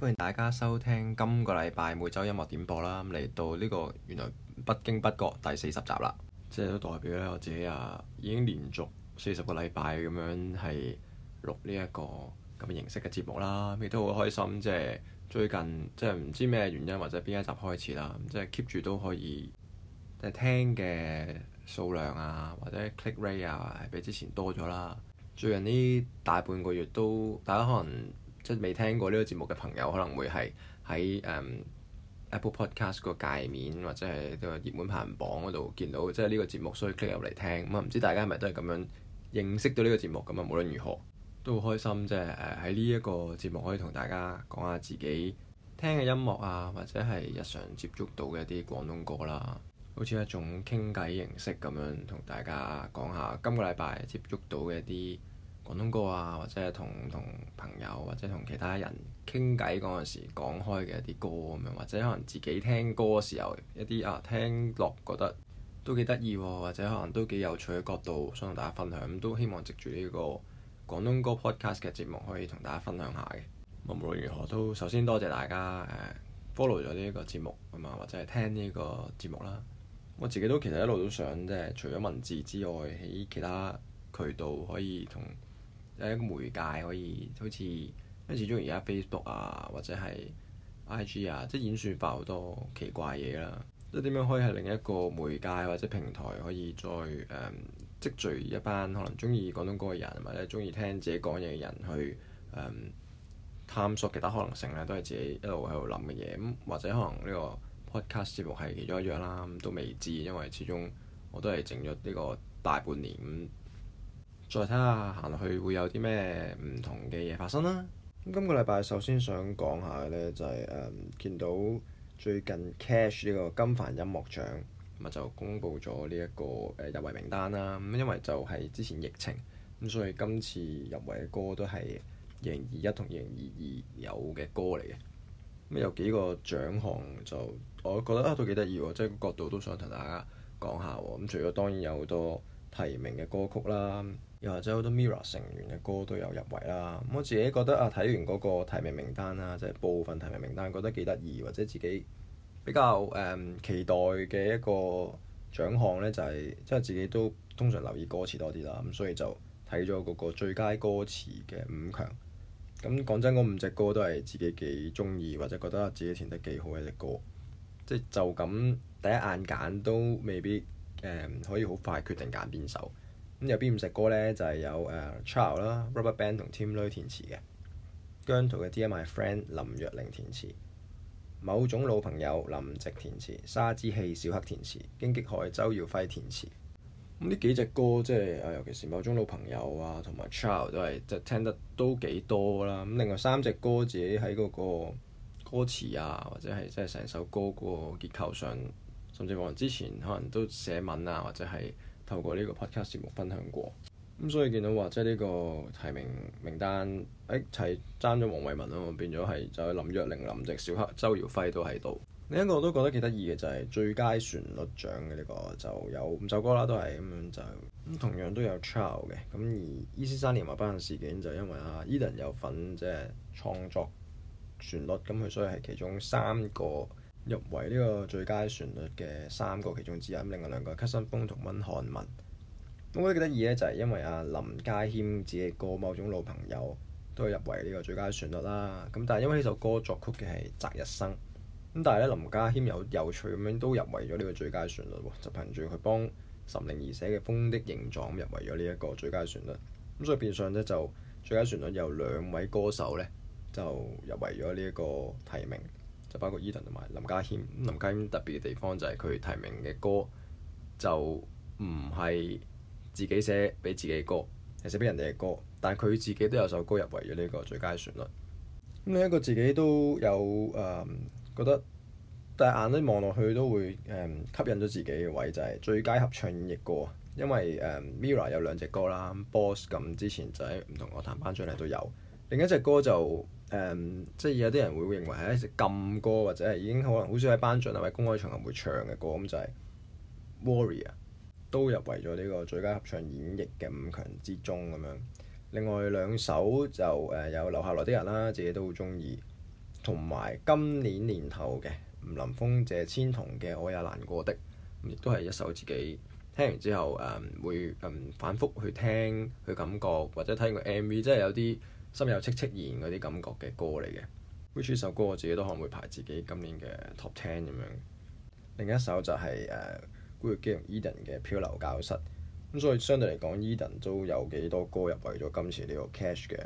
歡迎大家收聽今個禮拜每周音樂點播啦，嚟到呢個原來不經不覺第四十集啦，即係都代表咧我自己啊，已經連續四十個禮拜咁樣係錄呢一個咁嘅形式嘅節目啦，亦都好開心。即係最近即係唔知咩原因或者邊一集開始啦，即係 keep 住都可以，聽嘅數量啊或者 click rate 啊係比之前多咗啦。最近呢大半個月都大家可能。即係未聽過呢個節目嘅朋友，可能會係喺、um, Apple Podcast 個界面或者係個熱門排行榜嗰度見到，即係呢個節目，所以 click 入嚟聽。咁、嗯、啊，唔知大家係咪都係咁樣認識到呢個節目？咁啊，無論如何都好開心，即係誒喺呢一個節目可以同大家講下自己聽嘅音樂啊，或者係日常接觸到嘅一啲廣東歌啦，好似一種傾偈形式咁樣同大家講下今個禮拜接觸到嘅一啲。廣東歌啊，或者係同同朋友或者同其他人傾偈嗰陣時講開嘅一啲歌咁樣，或者可能自己聽歌嘅時候一啲啊聽落覺得都幾得意，或者可能都幾有趣嘅角度想同大家分享咁，都希望藉住呢個廣東歌 Podcast 嘅節目可以同大家分享下嘅。咁無論如何都首先多謝大家，uh, follow 咗呢個節目啊或者係聽呢個節目啦。我自己都其實一路都想即係除咗文字之外，喺其他渠道可以同，一個媒介可以好似，因為始終而家 Facebook 啊或者係 IG 啊，即係演算法好多奇怪嘢啦。即係點樣可以係另一個媒介或者平台可以再誒、嗯、積聚一班可能中意廣東歌嘅人，或者中意聽自己講嘢嘅人去誒、嗯、探索其他可能性咧，都係自己一路喺度諗嘅嘢。咁或者可能呢個 podcast 節目係其中一樣啦，都未知，因為始終我都係整咗呢個大半年再睇下行落去會有啲咩唔同嘅嘢發生啦。咁今個禮拜首先想講下呢，就係誒見到最近 CASH 呢個金帆音樂獎咁就公布咗呢一個、呃、入圍名單啦。咁因為就係之前疫情咁，所以今次入圍嘅歌都係二零二一同二零二二有嘅歌嚟嘅。咁有幾個獎項就我覺得、啊、都幾得意喎。即係個角度都想同大家講下喎。咁除咗當然有好多提名嘅歌曲啦。又或者好多 Mirror 成員嘅歌都有入圍啦。咁我自己覺得啊，睇完嗰個提名名單啊，即係部分提名名單，覺得幾得意，或者自己比較誒期待嘅一個獎項咧，就係即係自己都通常留意歌詞多啲啦。咁所以就睇咗嗰個最佳歌詞嘅五強。咁講真，嗰五隻歌都係自己幾中意，或者覺得自己填得幾好嘅一隻歌。即係就咁第一眼揀都未必誒可以好快決定揀邊首。咁有邊五隻歌咧就係、是、有誒 Child 啦、RubberBand 同 Tim Lui 填詞嘅，姜濤嘅《Dear My Friend》林若寧填詞，《某種老朋友》林夕填詞，《沙之器》小黑填詞，《荊棘海》周耀輝填詞。咁呢幾隻歌即係誒，尤其是《某種老朋友》啊，同埋 Child 都係即係聽得都幾多啦。咁另外三隻歌自己喺嗰個歌詞啊，或者係即係成首歌嗰個結構上，甚至乎之前可能都寫文啊，或者係。透過呢個 Podcast 節目分享過，咁所以見到話即係呢個提名名單，誒齊爭咗黃偉文吖嘛，變咗係就係林若寧、林夕、小黑、周耀輝都喺度。另一個我都覺得幾得意嘅就係最佳旋律獎嘅呢個就有五首歌啦，都係咁樣就咁同樣都有 Chow 嘅。咁而伊斯三連環班嘅事件就因為啊 Eden 有份即係創作旋律，咁佢所以係其中三個。入圍呢個最佳旋律嘅三個其中之一，咁另外兩個係 Cousin 峯同温漢文。我覺得幾得意咧，就係、是、因為阿林家謙自己歌《某種老朋友》都入圍呢個最佳旋律啦。咁但係因為呢首歌作曲嘅係澤日生，咁但係咧林家謙有有趣咁樣都入圍咗呢個最佳旋律喎，就憑住佢幫岑寧兒寫嘅《風的形狀》入圍咗呢一個最佳旋律。咁所以變相咧就最佳旋律有兩位歌手咧就入圍咗呢一個提名。就包括 Edan 同埋林家謙。林家謙特別嘅地方就係佢提名嘅歌就唔係自己寫俾自己嘅歌，係寫俾人哋嘅歌。但係佢自己都有首歌入圍咗呢個最佳旋律。咁另一個自己都有誒、嗯、覺得，但係眼咧望落去都會誒、嗯、吸引咗自己嘅位就係、是、最佳合唱演繹歌，因為誒、嗯、Mirror 有兩隻歌啦、嗯、，Boss 咁、嗯、之前就喺唔同樂壇頒獎禮都有。另一隻歌就。誒，um, 即係有啲人會認為係一隻禁歌，或者係已經可能好少喺頒獎啊、喺公開場合唱會唱嘅歌，咁就係 Warrior 都入圍咗呢個最佳合唱演繹嘅五強之中咁樣。另外兩首就誒、呃、有留下來啲人啦，自己都好中意，同埋今年年頭嘅吳林峰、謝千桐嘅我也難過的，亦都係一首自己聽完之後誒、嗯、會嗯反覆去聽去感覺，或者睇個 MV，即係有啲。心有戚戚然嗰啲感覺嘅歌嚟嘅，which 首歌我自己都可能會排自己今年嘅 top ten 咁樣。另一首就係誒古巨基同 Edan 嘅《漂流教室》，咁所以相對嚟講，Edan 都有幾多歌入圍咗今次呢個 Cash 嘅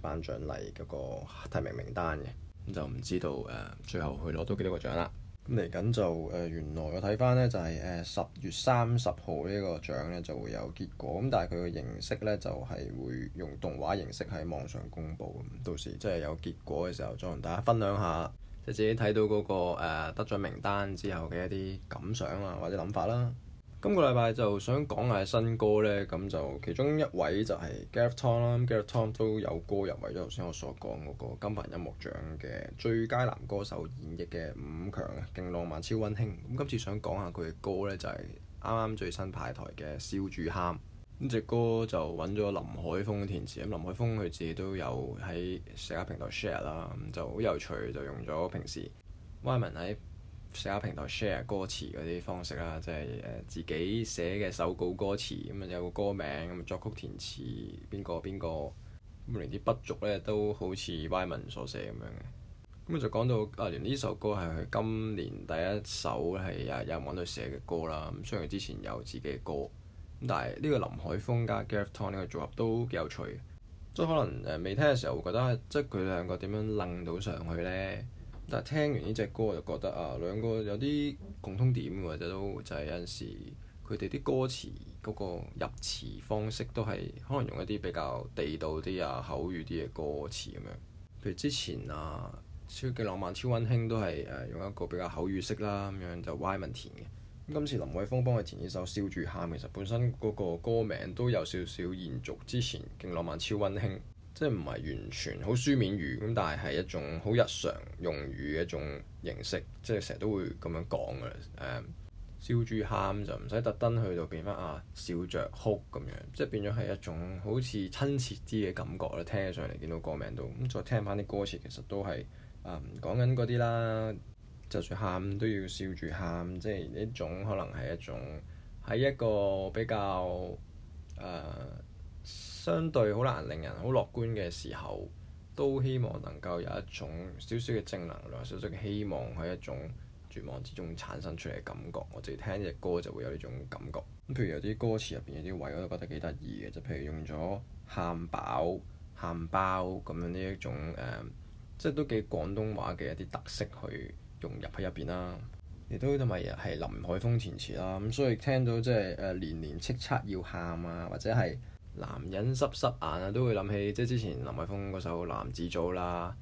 誒頒獎禮嗰個提名名單嘅，咁就唔知道誒、呃、最後佢攞到幾多個獎啦。咁嚟緊就誒、呃，原來我睇翻咧就係誒十月三十號呢個獎咧就會有結果，咁但係佢個形式咧就係、是、會用動畫形式喺網上公布，咁，到時即係有結果嘅時候再同大家分享下，即係 自己睇到嗰、那個、呃、得獎名單之後嘅一啲感想啊或者諗法啦、啊。今個禮拜就想講下新歌呢。咁就其中一位就係 Gareth.T 啦，Gareth.T 都有歌入圍咗頭先我所講嗰個金帆音樂獎嘅最佳男歌手演繹嘅五強嘅，勁浪漫超溫馨。咁今次想講下佢嘅歌呢，就係啱啱最新派台嘅《笑住喊》。咁隻歌就揾咗林海峰填詞，咁林海峰佢自己都有喺社交平台 share 啦，咁就好有趣，就用咗平時 y 社交平台 share 歌詞嗰啲方式啦，即係誒自己寫嘅手稿歌詞，咁啊有個歌名，咁作曲填詞邊個邊個，咁連啲筆觸咧都好似 Wyman 所寫咁樣嘅。咁就講到啊，連呢首歌係佢今年第一首係啊有人揾到寫嘅歌啦，咁雖然之前有自己嘅歌，咁但係呢個林海峰加 Gareth T 呢個組合都幾有趣，即係可能誒未聽嘅時候會覺得，即係佢兩個點樣楞到上去咧？但係聽完呢隻歌我就覺得啊，兩個有啲共通點嘅，或者都就係、是、有陣時佢哋啲歌詞嗰個入詞方式都係可能用一啲比較地道啲啊口語啲嘅歌詞咁樣。譬如之前啊，超勁浪漫超溫馨都係誒、啊、用一個比較口語式啦，咁樣就歪文填嘅。今次林海峰幫佢填呢首笑住喊，其實本身嗰個歌名都有少少延續之前《勁浪漫超溫馨》。即係唔係完全好書面語咁，但係係一種好日常用語嘅一種形式，即係成日都會咁樣講嘅。誒、嗯，笑住喊就唔使特登去到變翻啊笑著哭咁樣，即係變咗係一種好似親切啲嘅感覺啦。聽起上嚟，見到歌名度咁，再聽翻啲歌詞，其實都係誒、嗯、講緊嗰啲啦。就算喊都要笑住喊，即係一種可能係一種喺一個比較誒。呃相對好難令人好樂觀嘅時候，都希望能夠有一種少少嘅正能量、少少嘅希望，喺一種絕望之中產生出嚟嘅感覺。我哋聽呢隻歌就會有呢種感覺。咁譬如有啲歌詞入邊有啲位我都覺得幾得意嘅，就譬如用咗喊飽、喊包咁樣呢一種誒、嗯，即係都幾廣東話嘅一啲特色去融入喺入邊啦。亦都同埋係林海峰填詞啦。咁所以聽到即係誒年年叱吒要喊啊，或者係。男人濕濕眼啊，都會諗起即係之前林海峰嗰首《男子組》啦，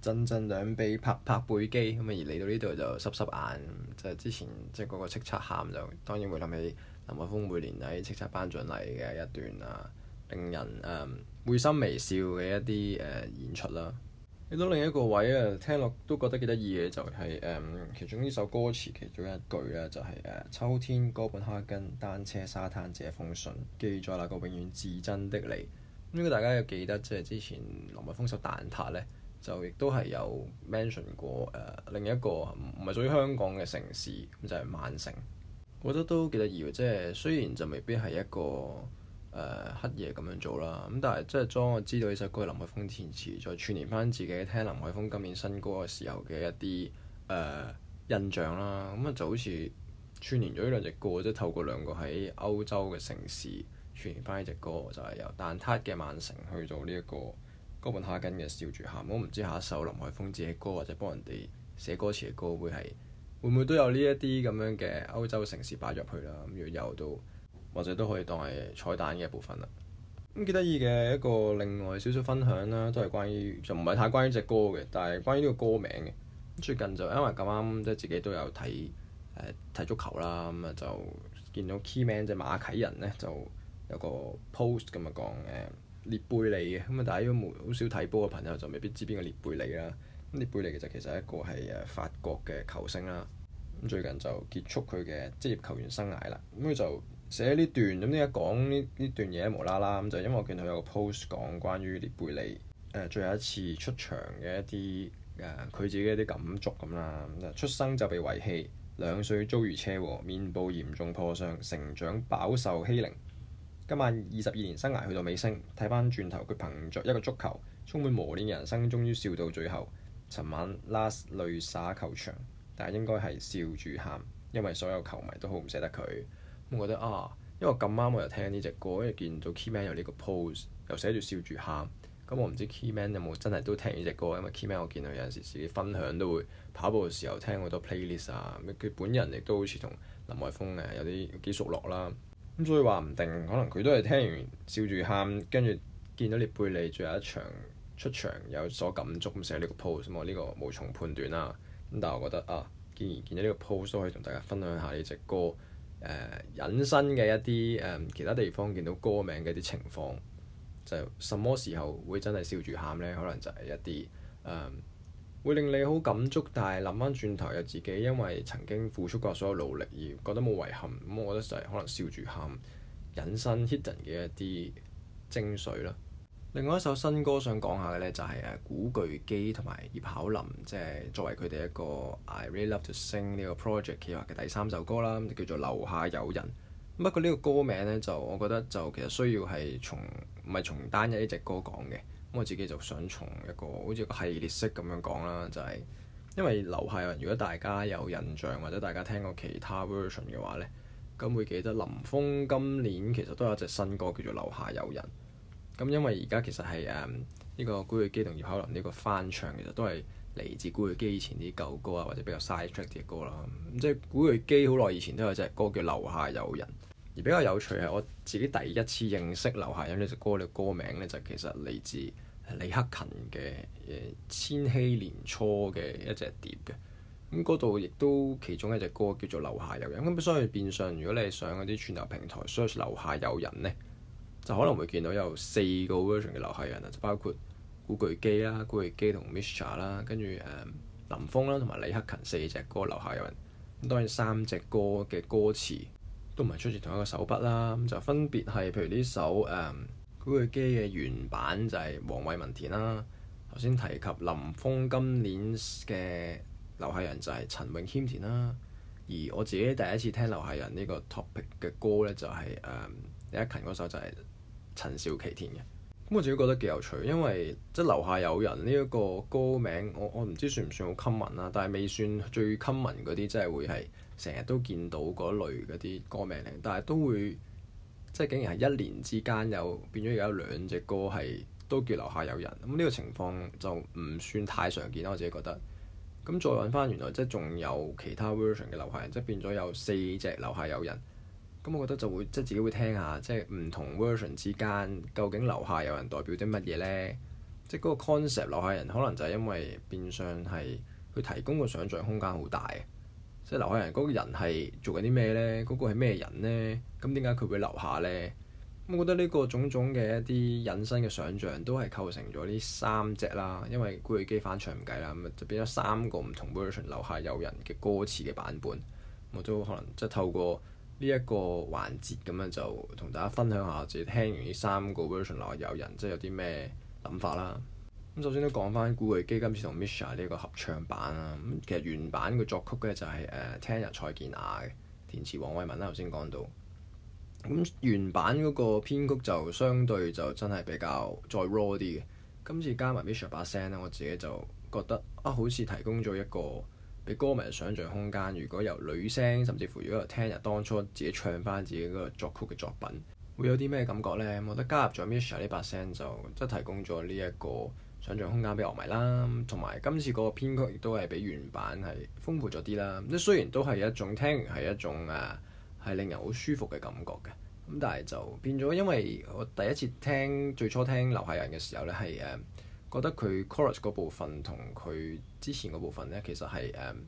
振振兩臂拍拍背肌咁啊，而嚟到呢度就濕濕眼，即係之前即係嗰個叱咤喊就當然會諗起林海峰每年喺叱咤頒獎禮嘅一段啊，令人誒、呃、會心微笑嘅一啲誒、呃、演出啦。睇到另一個位啊，聽落都覺得幾得意嘅就係、是、誒、嗯，其中呢首歌詞其中一句咧就係、是、誒，秋天哥本哈根，單車沙灘這封信，記載那個永遠至真的你。咁、嗯、如果大家有記得，即係之前羅密鳳首蛋撻咧，就亦都係有 mention 過誒、呃、另一個唔唔係屬於香港嘅城市，咁就係、是、曼城。我覺得都幾得意喎，即係雖然就未必係一個。誒、呃、黑夜咁樣做啦，咁但係即係將我知道呢首歌林海峰填詞，再串連翻自己聽林海峰今年新歌嘅時候嘅一啲誒、呃、印象啦，咁啊就好似串連咗呢兩隻歌，即係透過兩個喺歐洲嘅城市串連翻呢隻歌，就係、是、由蛋撻嘅曼城去到呢一個哥本哈根嘅笑住喊。我唔知下一首林海峰自己歌或者幫人哋寫歌詞嘅歌會係會唔會都有呢一啲咁樣嘅歐洲城市擺入去啦，咁要由到。或者都可以當係彩蛋嘅一部分啦。咁幾得意嘅一個另外少少分享啦，都係關於就唔係太關於隻歌嘅，但係關於呢個歌名嘅。最近就因為咁啱，即係自己都有睇誒睇足球啦，咁啊就見到 keyman 即係馬啟仁咧，就有個 post 咁啊，講誒列貝利嘅咁啊。大家如果冇好少睇波嘅朋友，就未必知邊個列貝利啦。啊，列貝利其實其實係一個係誒法國嘅球星啦。咁啊，最近就結束佢嘅職業球員生涯啦。咁啊，佢就～寫呢段咁，呢一講呢呢段嘢無啦啦咁，就因為我見到有個 post 講關於列貝利誒、呃、最後一次出場嘅一啲誒佢自己一啲感觸咁啦。咁、嗯、就出生就被遺棄，兩歲遭遇車禍，面部嚴重破傷，成長飽受欺凌。今晚二十二年生涯去到尾聲，睇翻轉頭佢憑着一個足球充滿磨練嘅人生，終於笑到最後。尋晚 last 淚灑球場，但係應該係笑住喊，因為所有球迷都好唔捨得佢。我覺得啊，因為咁啱我又聽呢隻歌，因為見到 Key Man 有呢個 pose，又寫住笑住喊。咁我唔知 Key Man 有冇真係都聽呢隻歌，因為 Key Man 我見到有陣時自己分享都會跑步嘅時候聽好多 playlist 啊。佢本人亦都好似同林海峰有啲幾熟落啦。咁所以話唔定可能佢都係聽完笑住喊，跟住見到列貝利最後一場出場有所感觸咁寫呢個 pose 咁我呢個無從判斷啦。咁但係我覺得啊，既然見到呢個 pose 都可以同大家分享下呢隻歌。誒、呃、隱身嘅一啲誒、呃、其他地方見到歌名嘅啲情況，就什麼時候會真係笑住喊咧？可能就係一啲誒、呃、會令你好感觸，但係諗翻轉頭，又自己因為曾經付出過所有努力而覺得冇遺憾，咁我覺得就係可能笑住喊隱身 hidden 嘅一啲精髓啦。另外一首新歌想講下嘅呢、啊，就係誒古巨基同埋葉巧琳，即係作為佢哋一個 I Really Love To Sing 呢個 project 企劃嘅第三首歌啦，叫做《樓下有人》。不過呢個歌名呢，就我覺得就其實需要係從唔係從單一呢隻歌講嘅。咁我自己就想從一個好似個系列式咁樣講啦，就係、是、因為《樓下有人》如果大家有印象或者大家聽過其他 version 嘅話呢，咁會記得林峯今年其實都有一隻新歌叫做《樓下有人》。咁因為而家其實係誒呢個古巨基同葉巧琳呢個翻唱，其實都係嚟自古巨基以前啲舊歌啊，或者比較 side track 嘅歌啦。即係古巨基好耐以前都有隻歌叫《樓下有人》，而比較有趣係我自己第一次認識《樓下有人》呢隻歌，呢個歌名咧就其實嚟自李克勤嘅《千禧年初》嘅一隻碟嘅。咁嗰度亦都其中一隻歌叫做《樓下有人》。咁、嗯、所以變相如果你係上嗰啲串流平台所以樓下有人》咧。就可能會見到有四個 version 嘅《樓下有人》啊，就包括古巨基啦、古巨基同 Mischa 啦，跟住誒林峰啦，同埋李克勤四隻歌《樓下有人》咁，當然三隻歌嘅歌詞都唔係出自同一個手筆啦。咁就分別係譬如呢首誒、嗯、古巨基嘅原版就係黃偉文填啦，頭先提及林峰今年嘅《樓下有人》就係陳詠謙填啦。而我自己第一次聽《樓下有人、就是》呢個 topic 嘅歌咧，就係誒李克勤嗰首就係、是。陳少琪填嘅，咁我自己覺得幾有趣，因為即係樓下有人呢一個歌名，我我唔知算唔算好 common 啦，但係未算最 common 嗰啲，即係會係成日都見到嗰類嗰啲歌名嚟，但係都會即係竟然係一年之間有變咗有兩隻歌係都叫樓下有人，咁呢個情況就唔算太常見啦，我自己覺得。咁再揾翻原來即係仲有其他 version 嘅樓下人，即係變咗有四隻樓下有人。咁、嗯、我覺得就會即係自己會聽下，即係唔同 version 之間究竟樓下有人代表啲乜嘢咧？即係嗰個 concept 樓下人，可能就係因為變相係佢提供個想像空間好大。即係樓下人嗰個人係做緊啲咩咧？嗰、嗰個係咩人咧？咁點解佢會留下咧？咁我覺得呢個種種嘅一啲引申嘅想像都係構成咗呢三隻啦。因為古巨基翻唱唔計啦，咁就變咗三個唔同 version 樓下有人嘅歌詞嘅版本。我都可能即係透過，呢一個環節咁樣就同大家分享下，自己聽完呢三個 version 樓下有人，即係有啲咩諗法啦。咁首先都講翻古巨基今次同 Mischa 呢個合唱版啊。咁其實原版嘅作曲呢就係誒 Tanya 蔡健雅嘅，填詞黃偉文啦，頭先講到。咁原版嗰個編曲就相對就真係比較再 raw 啲嘅。今次加埋 Mischa 把聲呢，我自己就覺得啊，好似提供咗一個。俾歌迷想象空間。如果由女聲，甚至乎如果係聽日當初自己唱翻自己嗰個作曲嘅作品，會有啲咩感覺呢？我覺得加入咗 Mischa 呢把聲就，就即係提供咗呢一個想象空間俾樂迷啦。同埋今次個編曲亦都係比原版係豐富咗啲啦。即雖然都係一種聽完係一種誒、啊，係令人好舒服嘅感覺嘅。咁但係就變咗，因為我第一次聽最初聽《樓下有人》嘅時候呢係誒。覺得佢 chorus 部分同佢之前嗰部分咧，其實係誒，um,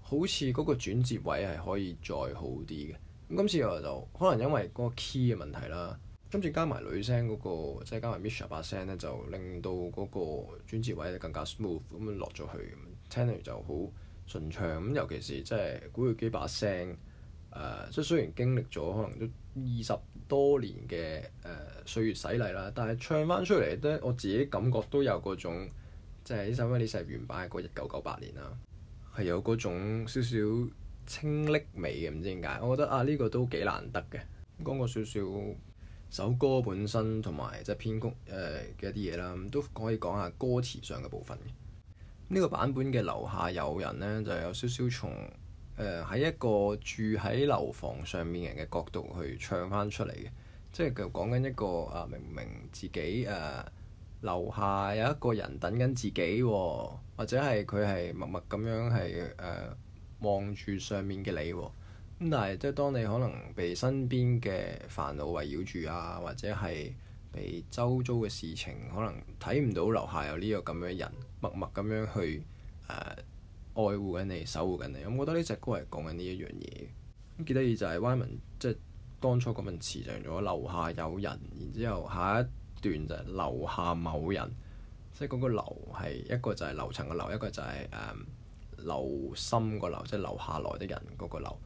好似嗰個轉折位係可以再好啲嘅。咁、嗯、今次我就可能因為嗰個 key 嘅問題啦，跟住加埋女聲嗰、那個，即係加埋 Mischa 把聲咧，就令到嗰個轉折位咧更加 smooth 咁樣落咗去，咁聽落就好順暢。咁、嗯、尤其是即係古巨基把聲誒，即係、uh, 雖然經歷咗可能都二十。多年嘅誒、呃、歲月洗禮啦，但係唱翻出嚟呢，我自己感覺都有嗰種，即係呢首呢啲係原版嗰一九九八年啦，係有嗰種少少清冽味嘅，唔知點解。我覺得啊，呢、這個都幾難得嘅。講過少少首歌本身同埋即係編曲嘅、呃、一啲嘢啦，都可以講下歌詞上嘅部分嘅。呢、這個版本嘅樓下有人呢，就有少少從。喺、呃、一個住喺樓房上面嘅人嘅角度去唱翻出嚟嘅，即係講緊一個啊，明明自己誒、啊、樓下有一個人等緊自己、哦、或者係佢係默默咁樣係誒望住上面嘅你咁、哦、但係即係當你可能被身邊嘅煩惱圍繞住啊，或者係被周遭嘅事情可能睇唔到樓下有呢個咁樣嘅人，默默咁樣去誒，啊愛護緊你，守護緊你。咁我覺得呢隻歌係講緊呢一樣嘢。咁幾得意就係 Wyman，即係當初嗰份詞就用咗樓下有人，然之後下一段就係、是、樓下某人，即係嗰個樓係一個就係樓層嘅樓，一個就係誒留心個留，即係留下來的人嗰個留。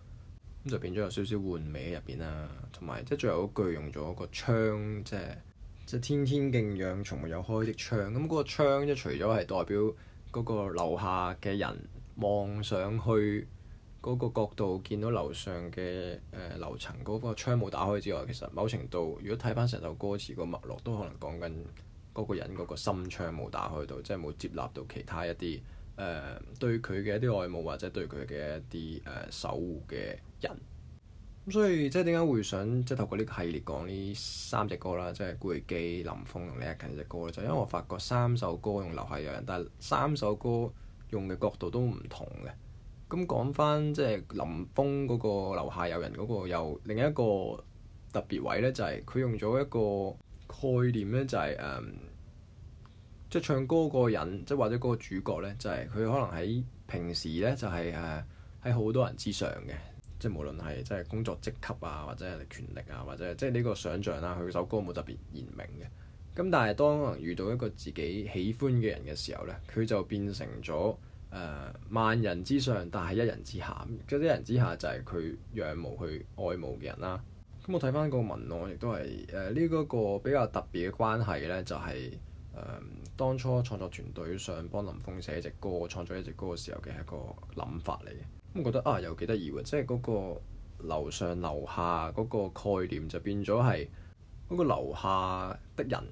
咁就變咗有少少玩味喺入邊啦。同埋即係最後嗰句用咗個窗，即係即係天天敬仰從沒有開的窗。咁嗰個窗即係除咗係代表嗰個樓下嘅人。望上去嗰個角度見到樓上嘅誒、呃、樓層嗰個窗冇打開之外，其實某程度如果睇翻成首歌詞個脈絡，都可能講緊嗰個人嗰個心窗冇打開到，即係冇接納到其他一啲誒、呃、對佢嘅一啲愛慕或者對佢嘅一啲誒、呃、守護嘅人。咁、嗯、所以即係點解會想即係透過呢個系列講呢三隻歌啦，即係古巨基、林峯同李克勤隻歌咧，就因為我發覺三首歌用樓下有人，但係三首歌，用嘅角度都唔同嘅，噉講返即係林峯嗰個樓下有人嗰個又另一個特別位呢，就係、是、佢用咗一個概念呢，就係即係唱歌嗰個人，即、就、係、是、或者嗰個主角呢，就係、是、佢可能喺平時呢，就係誒喺好多人之上嘅，即、就、係、是、無論係即係工作職級啊，或者係權力啊，或者係即係呢個想像啦、啊，佢首歌冇特別言明嘅。咁但係當遇到一個自己喜歡嘅人嘅時候呢，佢就變成咗誒、呃、萬人之上，但係一人之下。咁、就是、一人之下就係佢仰慕佢愛慕嘅人啦。咁、嗯、我睇翻個文案，亦都係誒呢一個比較特別嘅關係呢就係、是、誒、呃、當初創作團隊想幫林峯寫隻歌，創作呢隻歌嘅時候嘅一個諗法嚟嘅。咁、嗯、我覺得啊，又幾得意喎！即係嗰個樓上樓下嗰個概念就變咗係嗰個樓下的人。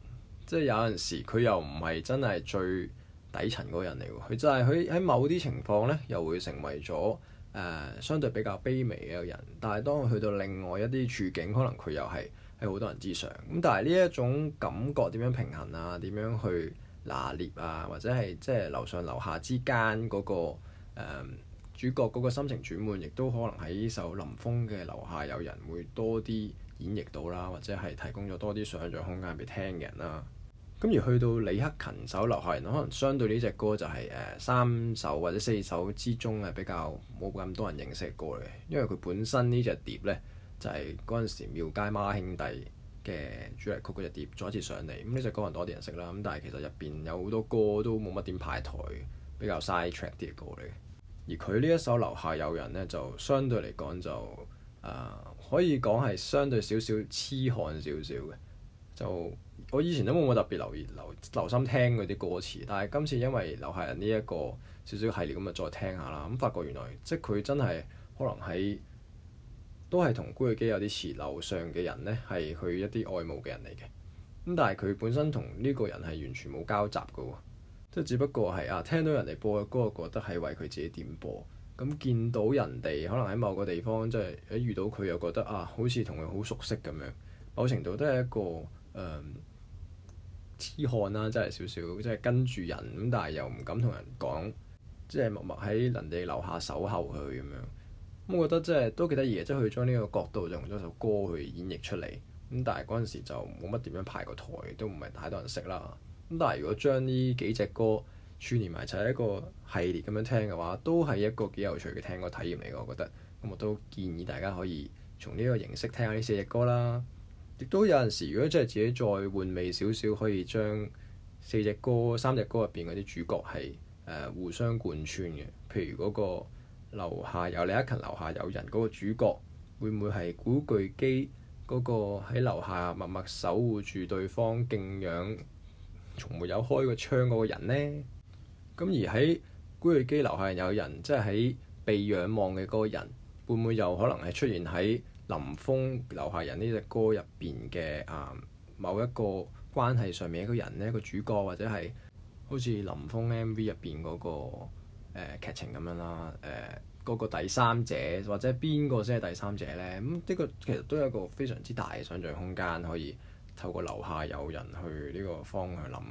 即係有陣時，佢又唔係真係最底層嗰人嚟喎，佢就係喺喺某啲情況呢，又會成為咗誒、呃、相對比較卑微嘅人。但係當去到另外一啲處境，可能佢又係喺好多人之上。咁但係呢一種感覺點樣平衡啊？點樣去拿捏啊？或者係即係樓上樓下之間嗰、那個、呃、主角嗰個心情轉換，亦都可能喺呢首林峯嘅樓下有人會多啲，演繹到啦，或者係提供咗多啲想像空間俾聽嘅人啦。咁而去到李克勤首《樓下人》，可能相對呢隻歌就係、是、誒、呃、三首或者四首之中係比較冇咁多人認識嘅歌嚟。嘅，因為佢本身呢隻碟呢就係嗰陣時廟街孖兄弟嘅主題曲嗰隻碟再一次上嚟。咁呢隻歌人多啲人識啦。咁但係其實入邊有好多歌都冇乜點排台，比較 side track 啲嘅歌嚟。嘅。而佢呢一首《樓下有人》呢，就相對嚟講就誒。呃可以講係相對少少痴漢少少嘅，就我以前都冇乜特別留意留留心聽嗰啲歌詞，但係今次因為樓下人呢一個少少系列咁啊，再聽下啦，咁、嗯、發覺原來即係佢真係可能喺都係同古巨基有啲似，樓上嘅人呢，係佢一啲愛慕嘅人嚟嘅，咁但係佢本身同呢個人係完全冇交集嘅喎，即係只不過係啊聽到人哋播嘅歌，覺得係為佢自己點播。咁見到人哋可能喺某個地方，即係一遇到佢又覺得啊，好似同佢好熟悉咁樣，某程度都係一個誒痴漢啦，即係少少，即係跟住人咁，但係又唔敢同人講，即係默默喺人哋樓下守候佢咁樣。咁我覺得即係都幾得意嘅，即係佢將呢個角度用咗首歌去演繹出嚟。咁但係嗰陣時就冇乜點樣排個台，都唔係太多人識啦。咁但係如果將呢幾隻歌，串連埋就係一個系列咁樣聽嘅話，都係一個幾有趣嘅聽歌體驗嚟嘅。我覺得咁，我都建議大家可以從呢一個形式聽下呢四隻歌啦。亦都有陣時，如果真係自己再換味少少，可以將四隻歌、三隻歌入邊嗰啲主角係誒、呃、互相貫穿嘅。譬如嗰個樓下有你一層樓下有人嗰個主角，會唔會係古巨基嗰、嗰個喺樓下默默守護住對方敬仰從沒有開過窗嗰個人呢？咁而喺古巨基樓下有人，即係喺被仰望嘅嗰個人，會唔會有可能係出現喺林峯樓下人呢隻歌入邊嘅啊某一個關係上面一個人呢個主角，或者係好似林峯 MV 入邊嗰個誒、呃、劇情咁樣啦，誒、呃、嗰、那個第三者，或者邊個先係第三者咧？咁、嗯、呢、這個其實都有一個非常之大嘅想像空間，可以透過樓下有人去呢個方向諗。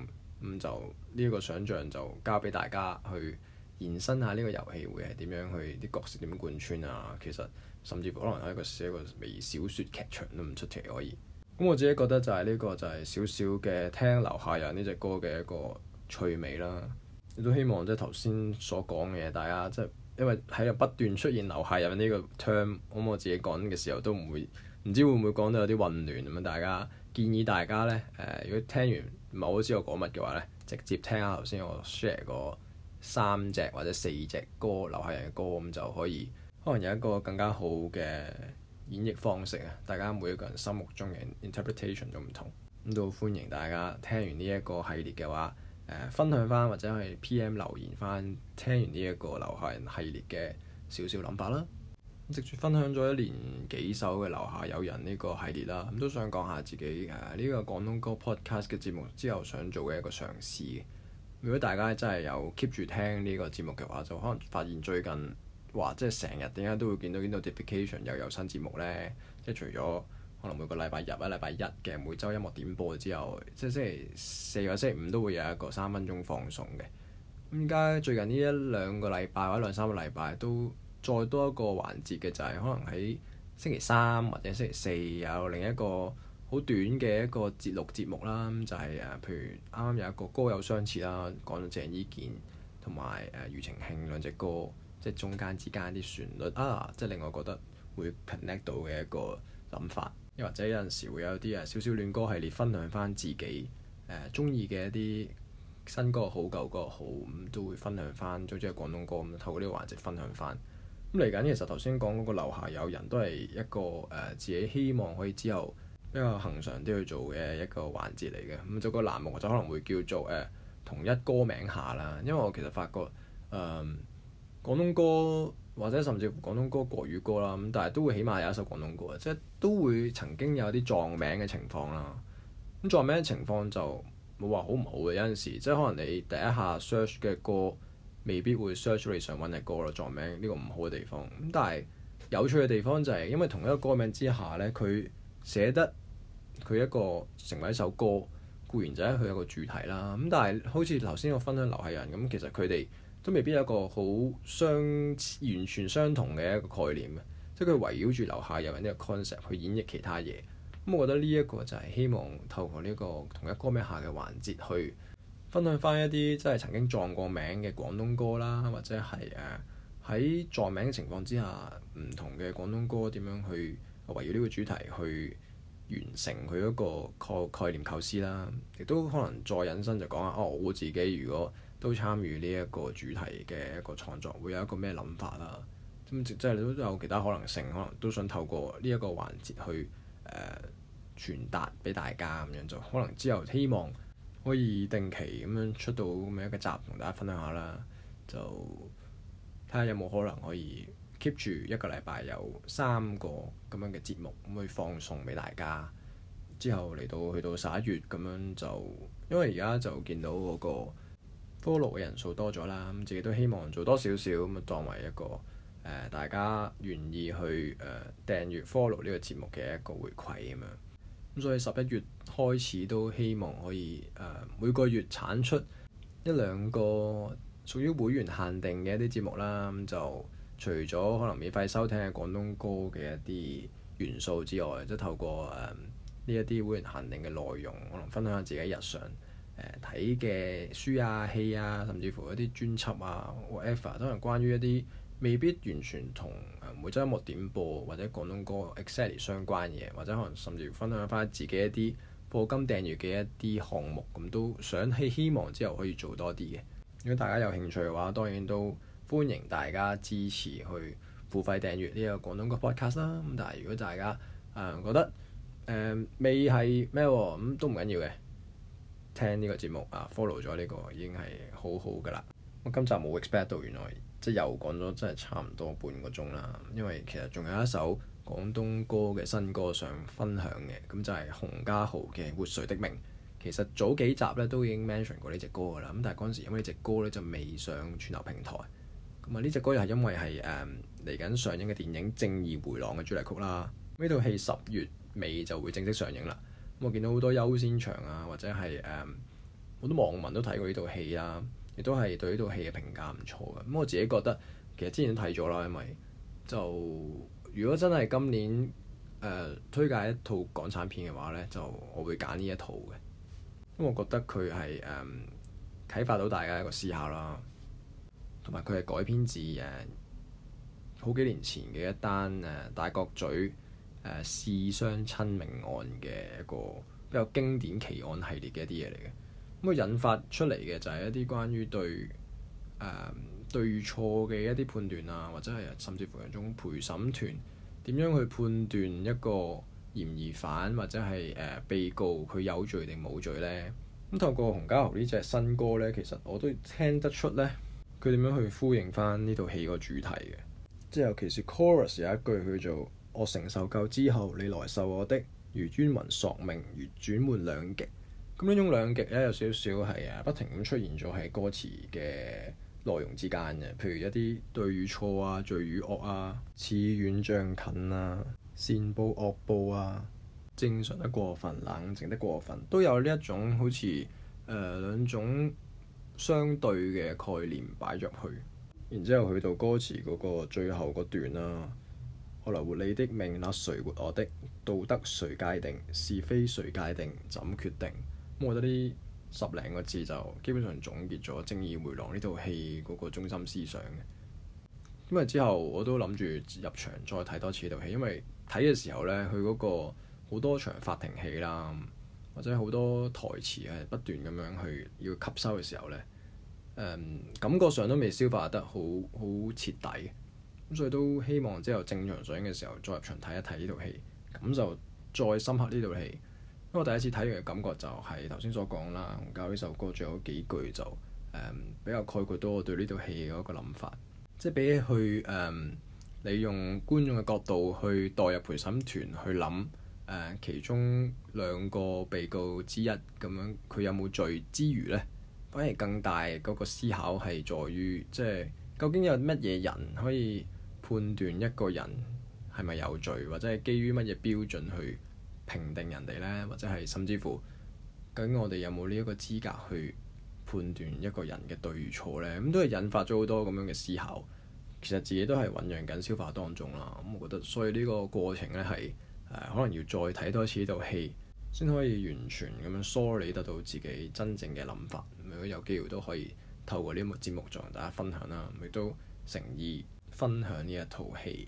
咁就呢個想像就交俾大家去延伸下，呢個遊戲會係點樣去，啲角色點樣貫穿啊！其實甚至可能喺個寫個微小説劇場都唔出奇可以。咁我自己覺得就係呢個就係少少嘅聽樓下有人呢隻歌嘅一個趣味啦。亦都希望即係頭先所講嘅，大家即係因為喺度不斷出現樓下有人呢個 term，咁我自己講嘅時候都唔會，唔知會唔會講到有啲混亂咁樣大家。建議大家呢，誒、呃，如果聽完唔係好知我講乜嘅話呢，直接聽下頭先我 share 嗰三隻或者四隻歌樓下有人嘅歌，咁、嗯、就可以，可能有一個更加好嘅演繹方式啊！大家每一個人心目中嘅 interpretation 都唔同，咁、嗯、都歡迎大家聽完呢一個系列嘅話，誒、呃，分享翻或者係 PM 留言翻聽完呢一個樓下有人系列嘅少少諗法啦～直住分享咗一年幾首嘅樓下有人呢個系列啦，咁都想講下自己誒呢、啊呢個廣東歌 podcast 嘅節目之後想做嘅一個嘗試。如果大家真係有 keep 住聽呢個節目嘅話，就可能發現最近話即係成日點解都會見到，見到 notification 又有新節目呢？即係除咗可能每個禮拜日、啊、一禮拜一嘅每週音樂點播之後，即係星期四或星期五都會有一個三分鐘放送嘅。咁而家最近呢一兩個禮拜或者兩三個禮拜都～再多一個環節嘅就係、是、可能喺星期三或者星期四有另一個好短嘅一個節錄節目啦，就係、是、啊，譬如啱啱有一個歌友相似啦，講咗鄭伊健同埋誒庾澄慶兩隻歌，即係中間之間啲旋律啊，即係令我覺得會 connect 到嘅一個諗法，又或者有陣時會有啲啊少少戀歌系列，分享翻自己誒中意嘅一啲新歌好舊歌好，咁都會分享翻，最主要廣東歌咁透過呢個環節分享翻。咁嚟緊，其實頭先講嗰個樓下有人，都係一個誒、呃、自己希望可以之後比較恒常啲去做嘅一個環節嚟嘅。咁、嗯、就個欄目就可能會叫做誒、呃、同一歌名下啦。因為我其實發覺誒、呃、廣東歌或者甚至乎廣東歌國語歌啦，咁但係都會起碼有一首廣東歌啊，即係都會曾經有啲撞名嘅情況啦。咁撞名嘅情況就冇話好唔好嘅，有陣時即係可能你第一下 search 嘅歌，未必會 search 出你想揾嘅歌咯，作名呢個唔好嘅地方。咁但係有趣嘅地方就係，因為同一個歌名之下呢，佢寫得佢一個成為一首歌，固然就係佢一個主題啦。咁但係好似頭先我分享樓下人咁，其實佢哋都未必有一個好相完全相同嘅一個概念，即係佢圍繞住樓下有人呢個 concept 去演繹其他嘢。咁、嗯、我覺得呢一個就係希望透過呢個同一歌名下嘅環節去。分享翻一啲即係曾經撞過名嘅廣東歌啦，或者係誒喺撞名嘅情況之下，唔同嘅廣東歌點樣去圍繞呢個主題去完成佢一個概概念構思啦。亦都可能再引申就講下，哦、啊、我自己如果都參與呢一個主題嘅一個創作，會有一個咩諗法啦、啊。咁即係你都有其他可能性，可能都想透過呢一個環節去誒傳、呃、達俾大家咁樣，就可能之後希望。可以定期咁樣出到咁樣一個集，同大家分享下啦。就睇下有冇可能可以 keep 住一個禮拜有三個咁樣嘅節目咁可以放送俾大家。之後嚟到去到十一月咁樣就，因為而家就見到嗰個 follow 嘅人數多咗啦，咁自己都希望做多少少咁啊當為一個誒、呃、大家願意去誒、呃、訂閱 follow 呢個節目嘅一個回饋咁樣。咁所以十一月。開始都希望可以誒、呃、每個月產出一兩個屬於會員限定嘅一啲節目啦。咁、嗯、就除咗可能免費收聽下廣東歌嘅一啲元素之外，即透過誒呢一啲會員限定嘅內容，可能分享下自己日常誒睇嘅書啊、戲啊，甚至乎一啲專輯啊，whatever，都可能關於一啲未必完全同每周音樂點播或者廣東歌 exactly 相關嘅嘢，或者可能甚至分享翻自己一啲。課金訂閱嘅一啲項目，咁都想希希望之後可以做多啲嘅。如果大家有興趣嘅話，當然都歡迎大家支持去付費訂閱呢個廣東歌 Podcast 啦。咁但係如果大家誒、嗯、覺得誒、嗯、未、嗯、係咩咁都唔緊要嘅，聽呢個節目啊，follow 咗呢個已經係好好噶啦。我今集冇 expect 到，原來即係又講咗真係差唔多半個鐘啦。因為其實仲有一首。廣東歌嘅新歌想分享嘅咁就係洪嘉豪嘅《活水的命》。其實早幾集咧都已經 mention 過呢隻歌噶啦。咁但係嗰陣時因為呢隻歌咧就未上串流平台。咁啊，呢隻歌又係因為係誒嚟緊上映嘅電影《正義迴廊》嘅主題曲啦。呢套戲十月尾就會正式上映啦。咁、嗯、我見到好多優先場啊，或者係誒好多網民都睇過呢套戲啦，亦都係對呢套戲嘅評價唔錯嘅。咁、嗯、我自己覺得其實之前都睇咗啦，因為就～如果真係今年、呃、推介一套港產片嘅話呢就我會揀呢一套嘅。咁我覺得佢係誒啟發到大家一個思考啦，同埋佢係改編自誒、啊、好幾年前嘅一單誒、啊、大角咀誒弒親命案嘅一,一個比較經典奇案系列嘅一啲嘢嚟嘅。咁、嗯、佢引發出嚟嘅就係一啲關於對誒，呃對錯嘅一啲判斷啊，或者係甚至乎一種陪審團點樣去判斷一個嫌疑犯或者係誒被告佢有罪定冇罪呢？咁透過洪嘉豪呢隻新歌呢，其實我都聽得出呢，佢點樣去呼應翻呢套戲個主題嘅，即係尤其是 chorus 有一句叫做我承受夠之後，你來受我的，如冤魂索命，如轉換兩極。咁呢種兩極呢，有少少係啊不停咁出現咗喺歌詞嘅。內容之間嘅，譬如一啲對與錯啊、罪與惡啊、似遠像近啊、善報惡報啊、正常得過分、冷靜得過分，都有呢一種好似誒、呃、兩種相對嘅概念擺入去。然之後去到歌詞嗰個最後嗰段啦、啊， 我來活你的命，那、啊、誰活我的？道德誰界定？是非誰界定？怎決定、嗯？我覺得呢。十零個字就基本上總結咗《正義迴廊》呢套戲嗰個中心思想嘅。咁啊之後我都諗住入場再睇多次呢套戲，因為睇嘅時候呢，佢嗰個好多場法庭戲啦，或者好多台詞係、啊、不斷咁樣去要吸收嘅時候呢、嗯，感覺上都未消化得好好徹底，咁所以都希望之後正常上映嘅時候再入場睇一睇呢套戲，咁就再深刻呢套戲。因我第一次睇完嘅感覺就係頭先所講啦。教呢首歌，仲有幾句就、嗯、比較概括到我對呢套戲嘅一個諗法，即係比起去誒、嗯、你用觀眾嘅角度去代入陪審團去諗誒、嗯、其中兩個被告之一咁樣，佢有冇罪之餘呢，反而更大嗰個思考係在於，即係究竟有乜嘢人可以判斷一個人係咪有罪，或者係基於乜嘢標準去評定人哋呢，或者係甚至乎，究竟我哋有冇呢一個資格去判斷一個人嘅對與錯呢？咁都係引發咗好多咁樣嘅思考。其實自己都係醖釀緊、消化當中啦。咁我覺得，所以呢個過程呢，係、呃、可能要再睇多一次呢套戲，先可以完全咁樣梳理得到自己真正嘅諗法。如果有機會都可以透過呢一個節目再同大家分享啦，亦都誠意分享呢一套戲。